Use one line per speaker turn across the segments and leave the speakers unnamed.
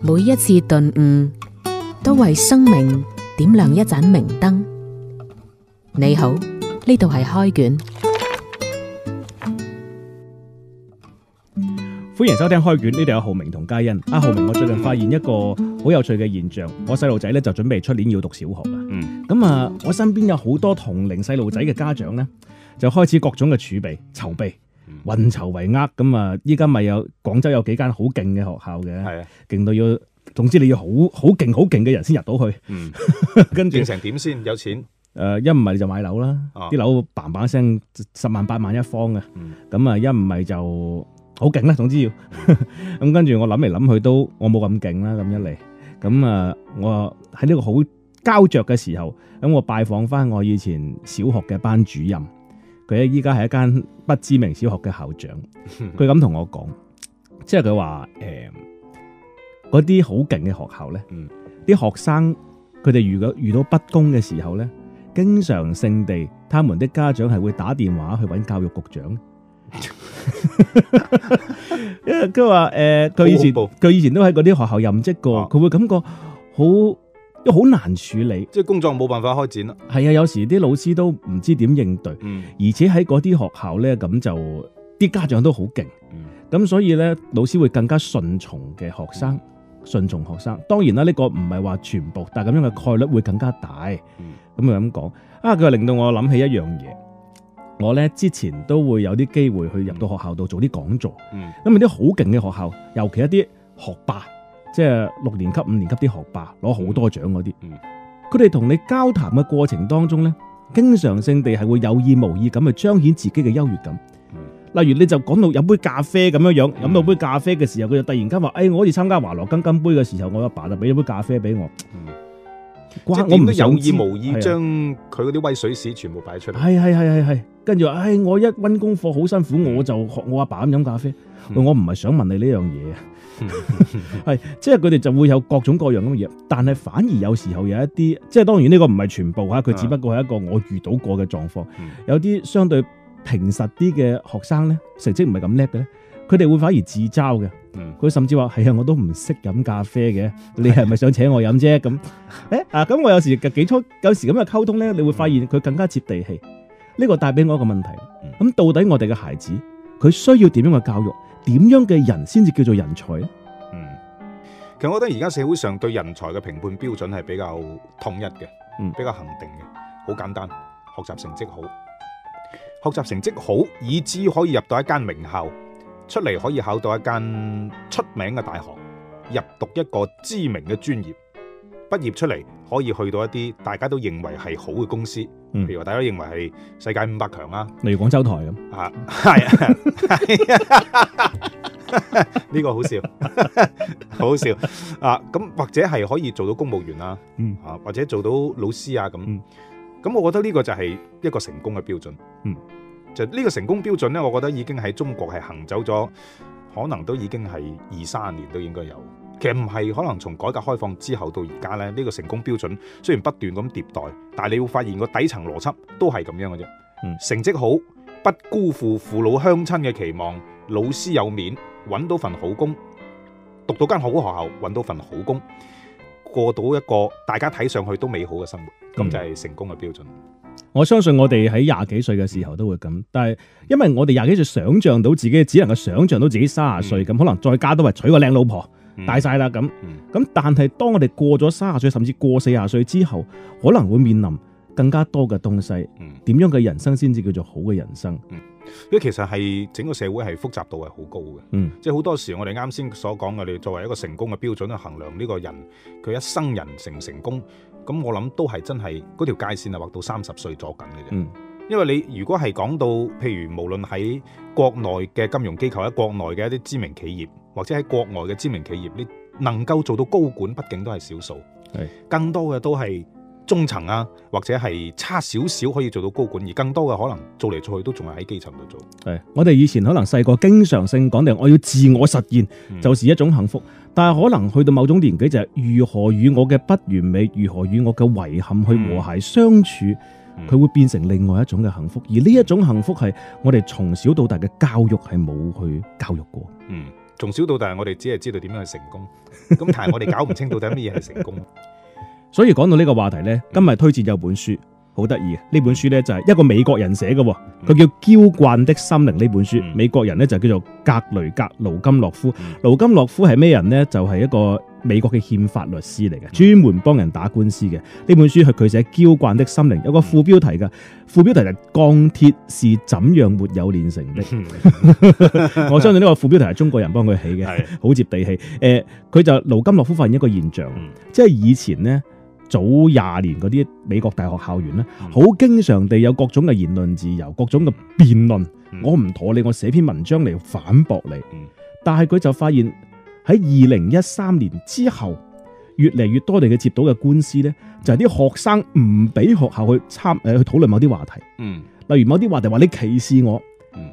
每一次頓悟，都為生命點亮一盞明燈。你好，呢度係開卷，歡迎收聽開卷。呢度有浩明同嘉欣。阿浩明，我最近發現一個好有趣嘅現象，我細路仔呢，就準備出年要讀小學啦。嗯，咁啊，我身邊有好多同齡細路仔嘅家長呢，就開始各種嘅儲備、籌備。籌備運籌帷幄，咁啊，依家咪有廣州有幾間好勁嘅學校嘅，勁到要，總之你要好好勁好勁嘅人先入到去，跟、嗯、住
成點先有錢？
誒、呃，一唔係你就買樓啦，啲樓嘭嘭聲十萬八萬一方、嗯、啊。咁啊一唔係就好勁啦，總之要，咁跟住我諗嚟諗去都我冇咁勁啦，咁一嚟，咁啊我喺呢個好膠着嘅時候，咁我拜訪翻我以前小學嘅班主任。佢依家係一間不知名小學嘅校長，佢咁同我講，即係佢話誒嗰啲好勁嘅學校咧，啲、嗯、學生佢哋如果遇到不公嘅時候咧，經常性地，他們的家長係會打電話去搵教育局長，因為佢話誒，佢、呃、以前佢 以前都喺嗰啲學校任職過，佢 會感覺好。都好難處理，即
係工作冇辦法開展咯。
係啊，有時啲老師都唔知點應對，嗯、而且喺嗰啲學校咧，咁就啲家長都好勁，咁、嗯、所以咧，老師會更加順從嘅學生，順從學生，嗯。當然啦，呢個唔係話全部，但係咁樣嘅概率會更加大。咁樣咁講，啊，佢令到我諗起一樣嘢，我咧之前都會有啲機會去入到學校度做啲講座，咁有啲好勁嘅學校，尤其是一啲學霸。即係六年級、五年級啲學霸，攞好多獎嗰啲，佢哋同你交談嘅過程當中咧，經常性地係會有意無意咁，去彰顯自己嘅優越感、嗯。例如你就講到飲杯咖啡咁樣樣，飲、嗯、到杯咖啡嘅時候，佢就突然間話：誒、哎，我好似參加華羅庚金杯嘅時候，我阿爸、爸就俾咗杯咖啡俾我。嗯即係我唔都有意無意將
佢嗰啲威水史全部擺出嚟，係係係係
係，跟住話，唉、哎，我一溫功課好辛苦，我就學我阿爸咁飲咖啡。嗯、我唔係想問你呢樣嘢啊，係、嗯、 即係佢哋就會有各種各樣咁嘅嘢，但係反而有時候有一啲，即係當然呢個唔係全部吓，佢只不過係一個我遇到過嘅狀況。有啲相對平實啲嘅學生咧，成績唔係咁叻嘅咧。佢哋會反而自嘲嘅，佢、嗯、甚至話：係啊，我都唔識飲咖啡嘅，你係咪想請我飲啫？咁誒啊、咁、哎、我有時嘅幾初有時咁嘅溝通咧，你會發現佢更加接地氣。呢、嗯，這個帶俾我一個問題，咁、嗯、到底我哋嘅孩子佢需要點樣嘅教育？點樣嘅人先至叫做人才咧？嗯，
其實我覺得而家社會上對人才嘅評判標準係比較統一嘅，嗯，比較恆定嘅，好簡單，學習成績好，學習成績好，以至於可以入到一間名校。出嚟可以考到一間出名嘅大學，入讀一個知名嘅專業，畢業出嚟可以去到一啲大家都認為係好嘅公司，嗯，譬如話大家認為係世界五百強啊，
例如廣州台咁，啊，係，啊，
呢 個好笑，好笑啊，咁或者係可以做到公務員啦，嗯，啊，或者做到老師啊咁，咁，嗯，我覺得呢個就係一個成功嘅標準，嗯。呢、這個成功標準呢，我覺得已經喺中國係行走咗，可能都已經係二三十年都應該有。其實唔係，可能從改革開放之後到而家呢，呢、這個成功標準雖然不斷咁迭代，但係你會發現個底層邏輯都係咁樣嘅啫、嗯。成績好，不辜負父老鄉親嘅期望，老師有面，揾到份好工，讀到間好學校，揾到份好工，過到一個大家睇上去都美好嘅生活，咁就係成功嘅標準。嗯。
我相信我哋喺廿幾歲嘅時候都會咁，但係因為我哋廿幾歲想象到自己只能夠想象到自己三十歲咁，嗯、可能再加都係娶個靚老婆，大晒啦咁。咁、嗯、但係當我哋過咗三十歲，甚至過四十歲之後，可能會面臨更加多嘅東西。點樣嘅人生先至叫做好嘅人生？嗯
嗯因為其實係整個社會係複雜度係好高嘅，嗯，即係好多時我哋啱先所講嘅，你作為一個成功嘅標準去衡量呢個人佢一生人成唔成功，咁我諗都係真係嗰條界線係劃到三十歲左近嘅啫，嗯，因為你如果係講到，譬如無論喺國內嘅金融機構，喺國內嘅一啲知名企業，或者喺國外嘅知名企業，你能夠做到高管，畢竟都係少數，係，更多嘅都係。中層啊，或者係差少少可以做到高管，而更多嘅可能做嚟做去都仲係喺基層度做。
係我哋以前可能細個經常性講定，我要自我實現、嗯，就是一種幸福。但係可能去到某種年紀，就係如何與我嘅不完美，如何與我嘅遺憾去和諧相處，佢、嗯、會變成另外一種嘅幸福。而呢一種幸福係我哋從小到大嘅教育係冇去教育過。
嗯，從小到大我哋只係知道點樣去成功，咁但係我哋搞唔清到底咩嘢係成功。
所以講到呢個話題呢，今日推薦有本書，好得意嘅呢本書呢，就係一個美國人寫嘅，佢叫《嬌慣的心靈》呢本書。美國人呢，就叫做格雷格盧金洛夫。盧金洛夫係咩人呢？就係、是、一個美國嘅憲法律師嚟嘅，專門幫人打官司嘅。呢本書係佢寫《嬌慣的心靈》，有個副標題嘅，副標題就係、是《鋼鐵是怎樣沒有煉成的》。 我相信呢個副標題係中國人幫佢起嘅，好接地氣。誒、呃，佢就盧金洛夫發現一個現象，即係以前呢。早廿年嗰啲美國大學校園咧，好經常地有各種嘅言論自由、各種嘅辯論。我唔妥你，我寫篇文章嚟反駁你。但係佢就發現喺二零一三年之後，越嚟越多地嘅接到嘅官司呢，就係啲學生唔俾學校去參誒去討論某啲話題。嗯，例如某啲話題話你歧視我，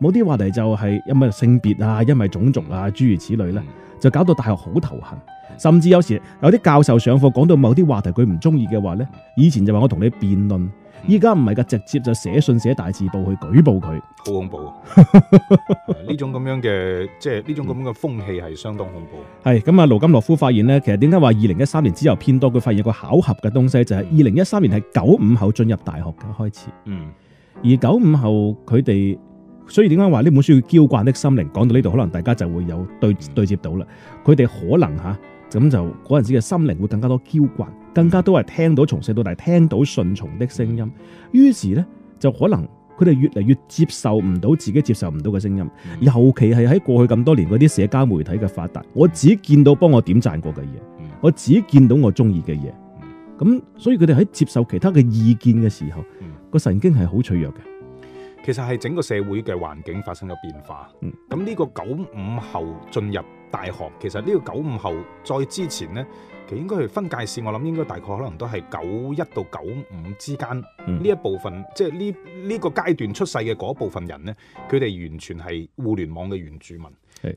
某啲話題就係因為性別啊，因為種族啊，諸如此類呢，就搞到大學好頭痕。甚至有時有啲教授上課講到某啲話題佢唔中意嘅話呢，以前就話我同你辯論，依家唔係㗎，直接就寫信寫大字報去舉報佢，
好恐怖。呢 種咁樣嘅即係呢種咁樣嘅風氣係相當恐怖。
係咁啊，盧金諾夫發現呢，其實點解話二零一三年之後偏多？佢發現有個巧合嘅東西就係二零一三年係九五後進入大學嘅開始。嗯，而九五後佢哋，所以點解話呢本書叫嬌慣的心靈？講到呢度，可能大家就會有對、嗯、對接到啦。佢哋可能吓。咁就嗰陣時嘅心靈會更加多嬌慣，更加都係聽到從細到大聽到順從的聲音，於是呢，就可能佢哋越嚟越接受唔到自己接受唔到嘅聲音，尤其係喺過去咁多年嗰啲社交媒體嘅發達，我只見到幫我點讚過嘅嘢，我只見到我中意嘅嘢，咁所以佢哋喺接受其他嘅意見嘅時候，個神經係好脆弱嘅。
其實係整個社會嘅環境發生咗變化，咁呢個九五後進入大學，其實呢個九五後再之前呢，其應該係分界線，我諗應該大概可能都係九一到九五之間呢、嗯、一部分，即係呢呢個階段出世嘅嗰一部分人呢，佢哋完全係互聯網嘅原住民。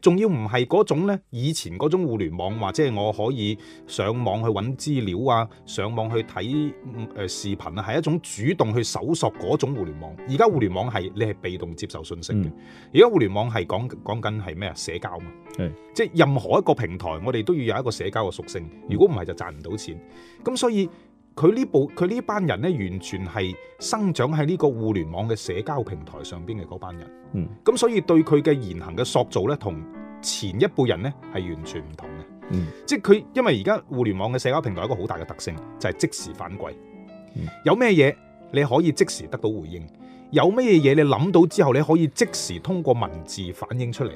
仲要唔係嗰種呢？以前嗰種互聯網或者係我可以上網去揾資料啊，上網去睇誒視頻啊，係一種主動去搜索嗰種互聯網。而家互聯網係你係被動接受信息嘅。而、嗯、家互聯網係講講緊係咩啊？社交啊嘛，是即係任何一個平台，我哋都要有一個社交嘅屬性。如果唔係就賺唔到錢。咁所以。佢呢部佢呢班人呢，完全係生長喺呢個互聯網嘅社交平台上邊嘅嗰班人，咁、嗯、所以對佢嘅言行嘅塑造呢，同前一輩人呢係完全唔同嘅、嗯。即係佢因為而家互聯網嘅社交平台有一個好大嘅特性就係、是、即時反饋、嗯，有咩嘢你可以即時得到回應，有咩嘢嘢你諗到之後你可以即時通過文字反映出嚟。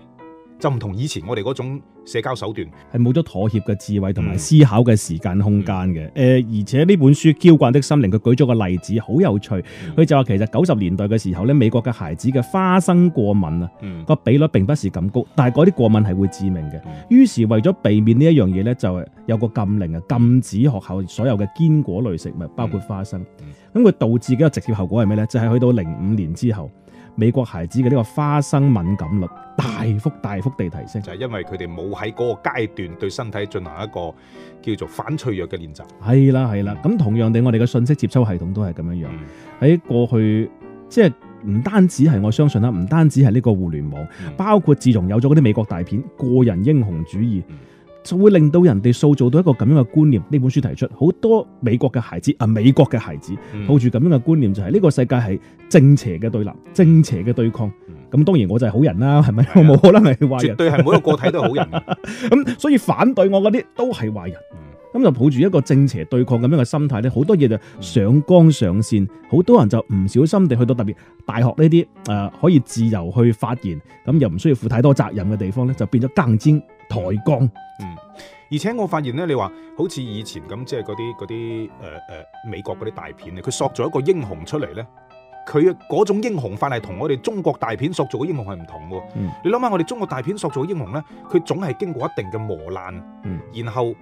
就唔同以前我哋嗰種社交手段，係
冇咗妥協嘅智慧同埋思考嘅時間空間嘅。誒、嗯。而且呢本書《嬌慣的心靈》，佢舉咗個例子，好有趣。佢、嗯、就話其實九十年代嘅時候咧，美國嘅孩子嘅花生過敏啊，個、嗯、比率並不是咁高，但係嗰啲過敏係會致命嘅、嗯。於是為咗避免呢一樣嘢咧，就有個禁令啊，禁止學校所有嘅堅果類食物，包括花生。咁、嗯、佢、嗯、導致嘅直接後果係咩咧？就係、是、去到零五年之後。美國孩子嘅呢個花生敏感率大幅大幅，大幅地提升，就係、是、
因為佢哋冇喺嗰個階段對身體進行一個叫做反脆弱嘅練習。
係啦，係啦。咁同樣地，我哋嘅信息接收系統都係咁樣樣。喺、嗯、過去，即係唔單止係我相信啦，唔單止係呢個互聯網、嗯，包括自從有咗嗰啲美國大片個人英雄主義。嗯就會令到人哋塑造到一個咁樣嘅觀念。呢本書提出好多美國嘅孩子啊，美國嘅孩子、嗯、抱住咁樣嘅觀念、就是，就係呢個世界係正邪嘅對立，正邪嘅對抗。咁、嗯、當然我就係好人啦，係咪、啊？我冇可能係壞人。絕對係每一個個
體都係好人。咁 、
嗯、所以反對我嗰啲都係壞人。咁、嗯、就抱住一個正邪對抗咁樣嘅心態咧，好多嘢就上綱上線。好多人就唔小心地去到特別大學呢啲誒，可以自由去發言，咁、嗯、又唔需要負太多責任嘅地方咧，就變咗更尖。抬槓，
嗯，而且我發現咧，你話好似以前咁，即係嗰啲嗰啲誒誒，美國嗰啲大片咧，佢塑造一個英雄出嚟咧，佢嗰種英雄法係同我哋中國大片塑造嘅英雄係唔同嘅，嗯。你諗下我哋中國大片塑造嘅英雄咧，佢總係經過一定嘅磨難，嗯，然後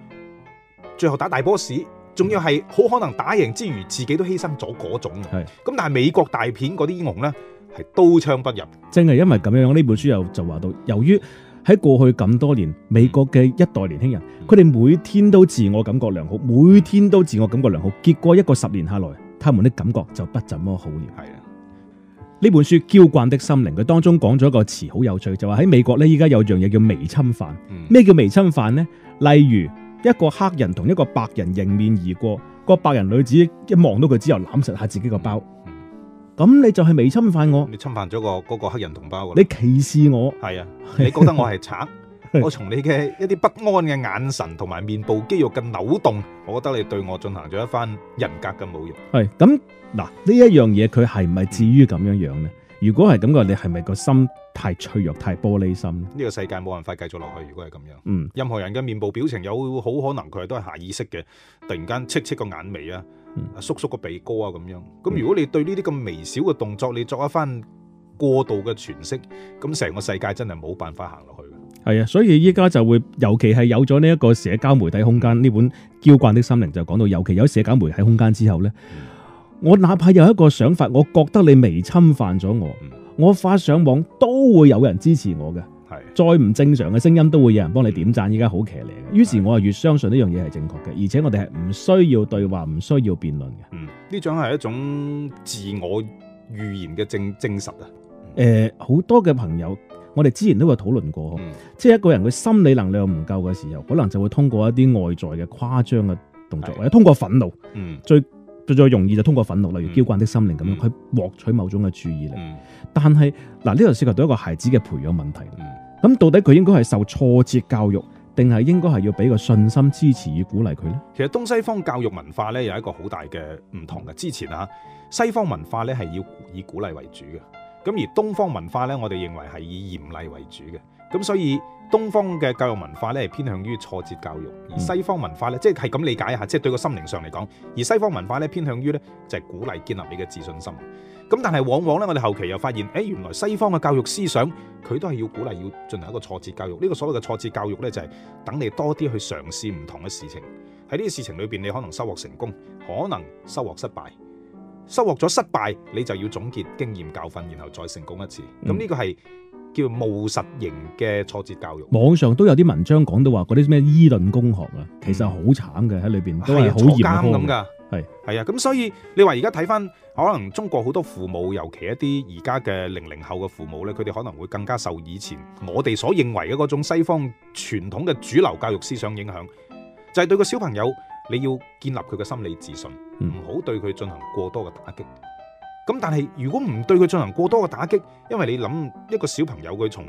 最後打大 boss，仲要係好可能打贏之餘，嗯，自己都犧牲咗嗰種。係，咁但係美國大片嗰啲英雄咧，係刀槍不入。
正係因為咁樣，呢本書又就話到，由於。喺過去咁多年，美國嘅一代年輕人，佢哋每天都自我感覺良好，每天都自我感覺良好。結果一個十年下來，他們的感覺就不怎麼好了。係啊，呢本書《嬌慣的心靈》佢當中講咗一個詞好有趣，就話喺美國呢，依家有樣嘢叫微侵犯。咩叫微侵犯呢？例如一個黑人同一個白人迎面而過，個白人女子一望到
佢，之後攬實下自己個包。咁你就係未侵犯我，你侵犯咗個個黑人同胞。你歧視我，係啊，你覺得我係賊， 我從你嘅一啲不安嘅眼神同埋面部肌肉嘅扭動，我覺得你對我進行咗一番人格嘅侮辱。
係咁嗱，呢一樣嘢佢係咪至於咁樣樣呢？如果係咁嘅，你係咪個心太脆弱、太玻璃心
呢？呢個世界冇辦法繼續落去。如果係咁樣，嗯，任何人嘅面部表情有好可能佢都係下意識嘅，突然間戚戚個眼眉啊。嗯啊、叔叔個鼻哥啊咁樣，咁如果你對呢啲咁微小嘅動作，你作一番過度嘅詮釋，咁成個世界真係冇辦法行落去。
係啊，所以依家就會，尤其係有咗呢一個社交媒體空間，呢、嗯、本嬌慣的心靈就講到，尤其有社交媒體空間之後呢、嗯，我哪怕有一個想法，我覺得你未侵犯咗我，我發上網都會有人支持我嘅。再唔正常嘅聲音都會有人幫你點贊，依家好騎呢嘅。於是我就越相信呢樣嘢係正確嘅，而且我哋係唔需要對話，唔需要辯論嘅。
呢種係一種自我預言嘅證證實啊。
誒、嗯，好多嘅朋友，我哋之前都有討論過，嗯、即係一個人嘅心理能量唔夠嘅時候，可能就會通過一啲外在嘅誇張嘅動作、嗯，或者通過憤怒，嗯、最最最容易就通過憤怒，例如嬌慣的心靈咁樣、嗯、去獲取某種嘅注意力。嗯、但係嗱，呢度涉及到一個孩子嘅培養問題。嗯。咁到底佢應該係受挫折教育，定係應該係要俾個信心支持與鼓勵佢呢？
其實東西方教育文化呢，有一個好大嘅唔同嘅。之前啊，西方文化呢係要以鼓勵為主嘅，咁而東方文化呢，我哋認為係以嚴厲為主嘅。咁所以東方嘅教育文化咧係偏向於挫折教育，而西方文化咧即係咁理解下，即係對個心靈上嚟講。而西方文化咧偏向於咧就係鼓勵建立你嘅自信心。咁但係往往咧，我哋後期又發現誒，原來西方嘅教育思想佢都係要鼓勵要進行一個挫折教育。呢個所謂嘅挫折教育咧，就係等你多啲去嘗試唔同嘅事情，喺呢啲事情裏邊，你可能收穫成功，可能收穫失敗，收穫咗失敗，你就要總結經驗教訓，然後再成功一次。咁呢個係。叫務實型嘅挫折教育，
網上都有啲文章講到話嗰啲咩伊頓公學啊，其實好慘嘅喺裏邊，嗯，都係好嚴苛咁噶。
係係啊，咁所以你話而家睇翻，可能中國好多父母，尤其一啲而家嘅零零後嘅父母咧，佢哋可能會更加受以前我哋所認為嘅嗰種西方傳統嘅主流教育思想影響，就係、是、對個小朋友你要建立佢嘅心理自信，唔、嗯、好對佢進行過多嘅打擊。咁但係如果唔對佢進行過多嘅打擊，因為你諗一個小朋友佢從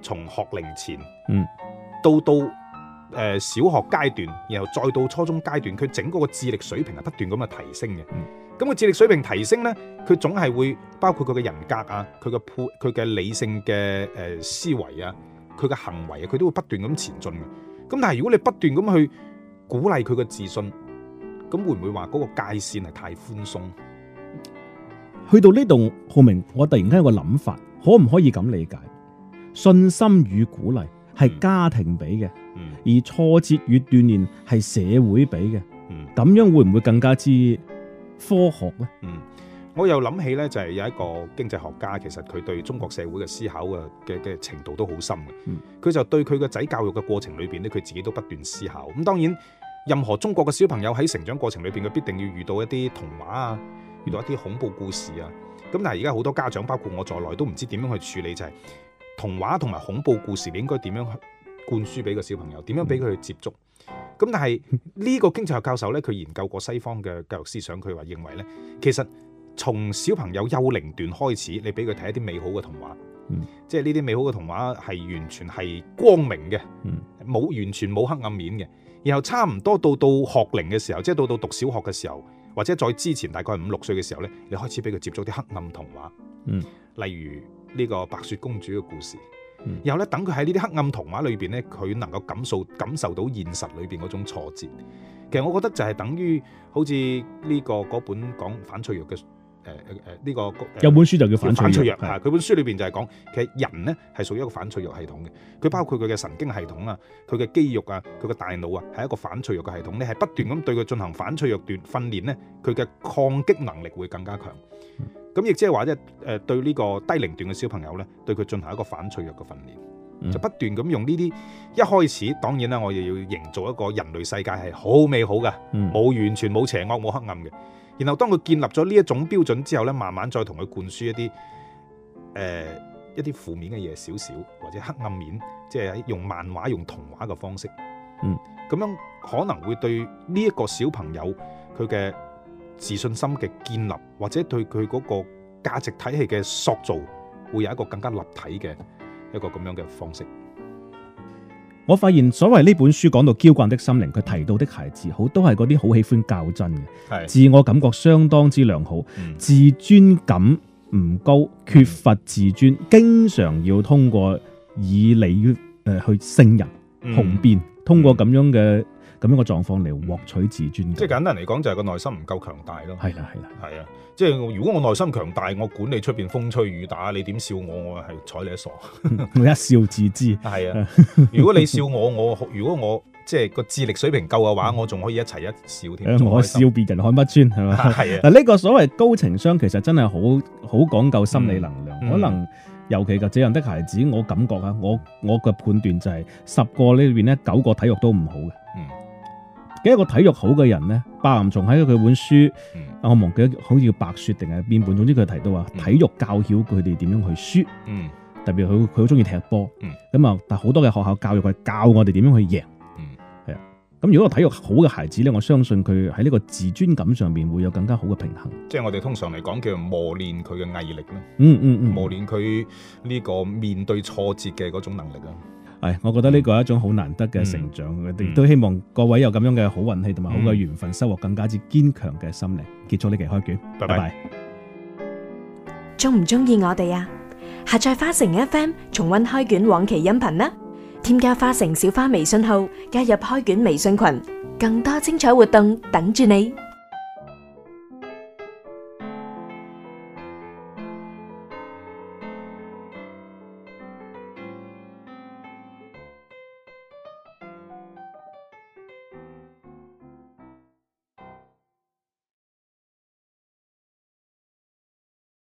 從學齡前，嗯，到到誒、呃、小學階段，然後再到初中階段，佢整嗰個智力水平係不斷咁嘅提升嘅。咁、嗯、個智力水平提升呢，佢總係會包括佢嘅人格啊，佢嘅判佢嘅理性嘅誒思維啊，佢嘅行為啊，佢都會不斷咁前進嘅。咁但係如果你不斷咁去鼓勵佢嘅自信，咁會唔會話嗰個界線係太寬鬆？
去到呢度，浩明，我突然間有個諗法，可唔可以咁理解？信心與鼓勵係家庭俾嘅，嗯，而挫折與鍛煉係社會俾嘅，嗯，咁樣會唔會更加之科學呢？嗯，
我又諗起呢，就係有一個經濟學家，其實佢對中國社會嘅思考嘅嘅程度都好深嘅。嗯，佢就對佢個仔教育嘅過程裏邊咧，佢自己都不斷思考。咁當然，任何中國嘅小朋友喺成長過程裏邊，佢必定要遇到一啲童話啊。遇到一啲恐怖故事啊，咁但係而家好多家長，包括我在內，都唔知點樣去處理，就係、是、童話同埋恐怖故事，你應該點樣灌輸俾個小朋友？點樣俾佢接觸？咁但係呢個經濟學教授咧，佢研究過西方嘅教育思想，佢話認為咧，其實從小朋友幼齡段開始，你俾佢睇一啲美好嘅童話，即係呢啲美好嘅童話係完全係光明嘅，冇、嗯、完全冇黑暗面嘅。然後差唔多到到學齡嘅時候，即係到到讀小學嘅時候。或者在之前大概五六歲嘅時候咧，你開始俾佢接觸啲黑暗童話，嗯、例如呢個白雪公主嘅故事。嗯、然後咧，等佢喺呢啲黑暗童話裏邊咧，佢能夠感受感受到現實裏邊嗰種挫折。其實我覺得就係等於好似呢、呢個嗰本講反脆弱嘅。誒誒誒，呢、呃這個、呃、有本書就叫反脆弱啊！佢本書裏邊就係講，其實人咧係屬於一個反脆弱系統嘅。佢包括佢嘅神經系統啊，佢嘅肌肉啊，佢嘅大腦啊，係一個反脆弱嘅系統咧，係不斷咁對佢進行反脆弱鍛訓練咧，佢嘅抗擊能力會更加強。咁亦即係話咧，誒、呃、對呢個低齡段嘅小朋友咧，對佢進行一個反脆弱嘅訓練、嗯，就不斷咁用呢啲。一開始當然啦，我哋要營造一個人類世界係好美好嘅，冇、嗯、完全冇邪惡冇黑暗嘅。然後當佢建立咗呢一種標準之後咧，慢慢再同佢灌輸一啲誒、呃、一啲負面嘅嘢少少，或者黑暗面，即係用漫畫、用童話嘅方式，嗯，咁樣可能會對呢一個小朋友佢嘅自信心嘅建立，或者對佢嗰個價值體系嘅塑造，會有一個更加立體嘅一個咁樣嘅方式。
我發現所謂呢本書講到嬌慣的心靈，佢提到的孩子好都係嗰啲好喜歡較真嘅，自我感覺相當之良好，嗯、自尊感唔高，缺乏自尊、嗯，經常要通過以理誒、呃、去勝人、紅、嗯、辯，通過咁樣嘅。嗯咁、這、樣個狀況嚟獲取自尊、嗯，即
係簡單嚟講，就係個內心唔夠強大咯。係啦，係啦，係啊，即係如果我內心強大，我管你出邊風吹雨打，你點笑我，我係睬你一傻，
我一笑自知。係啊，如果你笑
我， 我如果我即係個智力水平夠嘅話，我仲可以一齊一笑添。我、嗯、
笑別人看不穿係嘛？係啊。嗱，呢個所謂高情商，其實真係好好講究心理能量。嗯嗯、可能尤其個這樣的孩子，嗯、我感覺啊，我我嘅判斷就係十個呢邊呢九個體育都唔好嘅。嗯。嘅一個體育好嘅人咧，白岩松仲喺佢本書，啊、嗯、我忘記好似叫白雪定係邊本，總之佢提到話、嗯、體育教曉佢哋點樣去輸，嗯、特別佢佢好中意踢波，咁、嗯、啊，但好多嘅學校教育佢教我哋點樣去贏，係、嗯、啊，咁如果個體育好嘅孩子咧，我相信佢喺呢個自尊感上面會有更加好嘅平
衡，即係我哋通常嚟講叫磨練佢嘅毅力咯，嗯嗯嗯，磨練佢呢個面對挫折嘅嗰種能力啊。
係，我覺得呢個係一種好難得嘅成長，我哋，嗯，都希望各位有咁樣嘅好運氣同埋好嘅緣分，收穫更加之堅強嘅心靈。結束呢期開卷，拜拜。
中唔中意我哋啊？下載花城 FM 重溫開卷往期音頻呢？添加花城小花微信號，加入開卷微信群，更多精彩活動等住你。